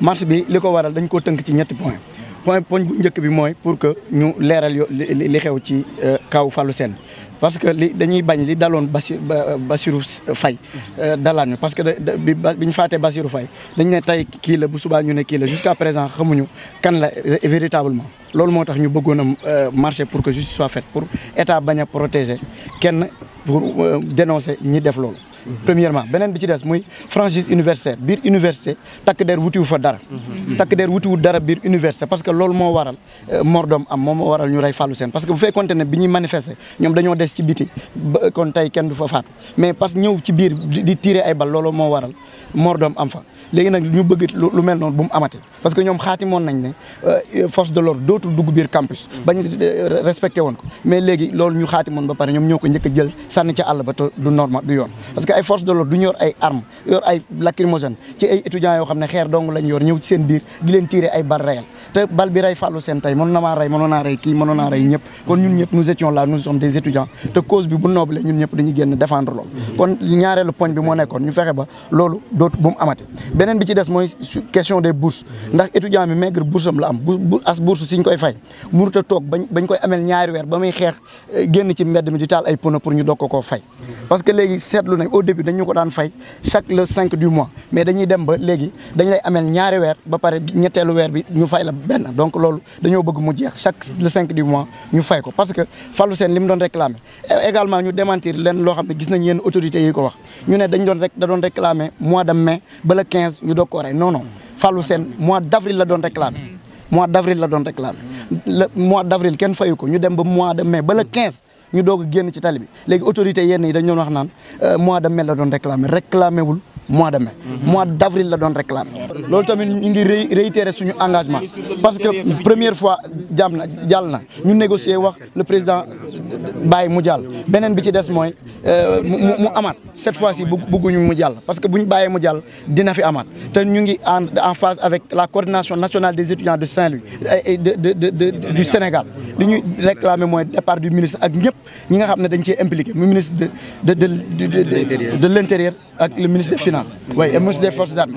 marche bi li ko waral dañ koo tënk ci ñetti point point point bu njëkk bi mooy pour que ñu leeral yo li xew ci kaw Fallou Sène parce que li dañuy bañ li dalon Basi Basirou fay euh, dalane parce que bi faté ñu faatee Basirou Faye dañu ne tay ki la bu suba ñu ne ki la jusqu'à présent xamuñu kan la euh, véritablement loolu motax ñu bëggoon a euh, marché pour que justice soit faite pour état baña protéger kenn pour dénoncer ñi def loolu. premièrement beneen bi ci des muy franchise universitaire biir université takk der wutiwu fa dara takk der wutiwu dara biir université parce que loolu moo waral euh, mor doom am moom moo waral ñu rey Fallou seen parce que bu fekkoonte ne bi ñuy manifester ñoom dañoo des ci biti ba kon tey kenn du fa faatu mais parce que ñëw ci biir di tirer ay bal loolu moo waral moor doom am fa léegi nag ñu bëgg lu mel noonu bu mu amati parce que ñoom xaatimoon nañ ne euh, force de l'ordre dootul dugg biir campus bañ euh, respecté woon ko mais léegi loolu ñu xaatimoon ba pare ñoom ñoo ko njëkk a jël sànni ca àll ba te du normal du yoon parce que ay force de l'ordre du ñu yoo xam ne xeer dong lañ yor ñëw ci seen biir di leen tirer ay bal réel te bal bi rey na maa rey mënoon naa kii mënoon naa rey ñëpp ñëpp nous étions là nous sommes des étudiants te cause bi bu noble ñun ñëpp dañuy génn défendre loolu kon ñaareelu poñ bi moo nekkoon ñu fexe ba loolu dootu bu mu amati benen bi ci dess moy question des bourses mhm. ndax étudiant bi maigre bourse am la am as bourse siñ koy fay muruta tok bañ koy amel ñaari weer ba muy xeex eh, génn ci mbedd mi di tal ay pono pour ñu doko ko fay mhm. parce que léegi seetlu nañ au début dañu ko daan fay chaque le 5 du mois mais dañuy dem ba légui dañ lay amel ñaari weer ba paré ñettelu weer bi ñu fay la ben donc loolu dañu bëgg mu jeex chaque le 5 du mois ñu fay ko parce que fallu sen lim doon réclamer également ñu démentir leen lo xam gis nañ yenn autorité yi ko wax ñu ne dañ doon rek da doon réclamer mois de mai ba le quinze quinze ñu doog koo rey non non Fallou Sène mois d' avril la doon réclamé mois d' avril la doon réclamé mois d' kenn fayu ko ñu dem ba mois de mai ba le quinze ñu doog a génn ci tali bi léegi autorité yenn yi dañu doon wax naan euh, mois de mai la doon réclamé réclamé wul mois de mai mhm. mois d' avril la doon réclamé Nous nous réitéré engagement parce que première fois nous nous le président Baye euh, cette fois ci parce que en phase avec la coordination nationale des étudiants de Saint-Louis euh, du Sénégal Nous départ du ministre ministre de l'intérieur le ministre des finances le ministre des forces armées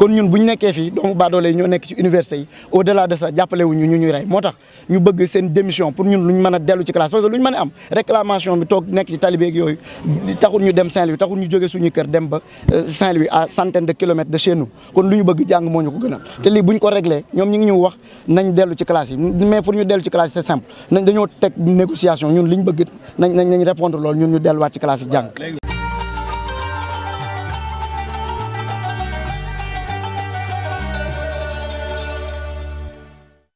kon ñun buñu nekké fi fii doomu baadoole ñoo nekk ci université yi au delà de ça jappalé wuñu ñu ñuy ray motax ñu bëgg seen démission pour ñun luñu mëna déllu ci classe parce que luñu mëna am réclamation bi tok nekk ci talibé talibeeg yooyu taxul ñu dem Saint-Louis taxul ñu joggé suñu kër dem ba euh, Saint-Louis à centaine de kilomètres de chez nous kon luñu bëgg jang moo ñu ko gënal té li buñ ko réglé ñom ñi ngi ñu wax nañ déllu ci classe yi mais pour ñu déllu ci classe c'est simple nañ dañoo tek négociation ñun liñ bëgg nañ nañ répondre lool ñun ñu déllu delluwaat ci classe jang jàng